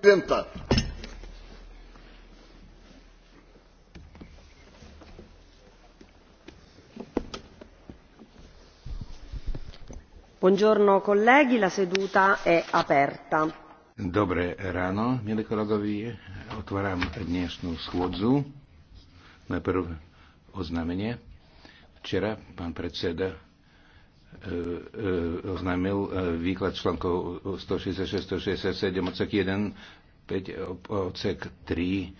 prezidenta. Buongiorno colleghi, la seduta è aperta. Dobré ráno, milí kolegovi, otváram dnešnú schôdzu. Najprv oznámenie. Včera pán predseda e, e, oznámil e, výklad článkov 166, 167 odsek 1 5 odsek 3